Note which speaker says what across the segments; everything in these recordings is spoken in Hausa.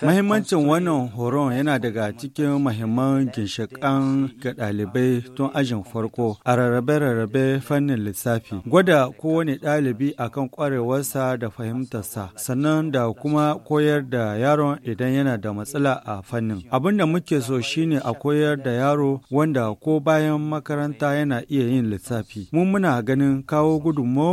Speaker 1: Mahimmancin wannan horon yana daga cikin mahimman ginshiƙan ga ɗalibai tun ajin farko a rarrabe-rarrabe fannin lissafi. Gwada kowane ɗalibi a kan ƙwarewarsa da fahimtarsa, sannan da kuma koyar da yaron idan yana da matsala a fannin. Abin da muke so shine a koyar da yaro wanda ko bayan makaranta yana iya yin lissafi. Mun muna ganin kawo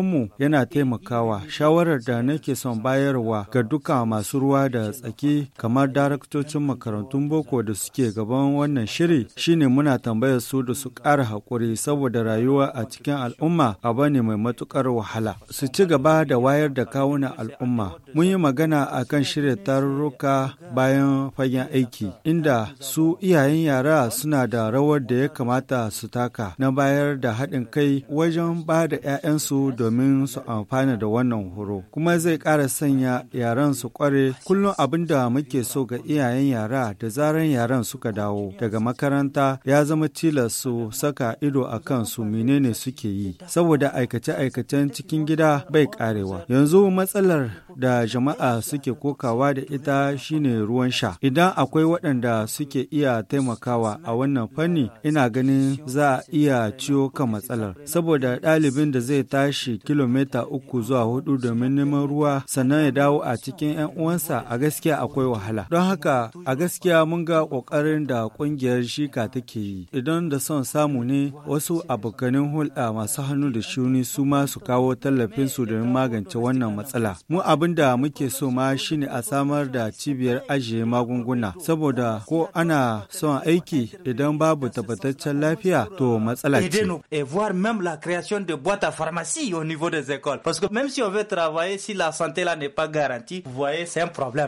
Speaker 1: mu yana taimakawa. Shawarar da nake son ba bayarwa ga duka masu ruwa da tsaki kamar daraktocin makarantun boko da suke gaban wannan shiri shine muna tambayar su da su ƙara haƙuri saboda rayuwa a cikin al'umma abu ne mai matuƙar wahala su ci gaba da wayar da kawunan al'umma mun yi magana a kan shirya tarurruka bayan fagen aiki inda su iyayen yara suna da rawar da ya kamata su taka na bayar da haɗin kai wajen ba da 'ya'yansu domin su amfana da wannan horo kuma zai ƙara sanya yaran su kware kullum abin da muke so ga iyayen yara da zaran yaran suka dawo daga makaranta ya zama tilas su saka ido a kan su menene suke yi saboda aikace-aikacen cikin gida bai karewa yanzu matsalar da jama'a suke kokawa da ita shine ruwan sha. Idan akwai waɗanda suke iya taimakawa a wannan fanni ina ganin za a iya ciwo kan matsalar. Saboda ɗalibin da zai tashi kilomita uku zuwa hudu domin neman ruwa sannan ya dawo a cikin 'yan uwansa a gaskiya akwai wahala. Don haka a gaskiya mun ga ƙoƙarin da ƙungiyar shika take yi. Idan da son samu ne wasu abokanin hulɗa masu hannu da shuni su ma su kawo tallafinsu domin magance wannan matsala. Mu abin Et voir même la création de boîtes à pharmacie au niveau des écoles. Parce que même si on veut travailler, si la santé là n'est pas garantie, vous voyez, c'est un problème.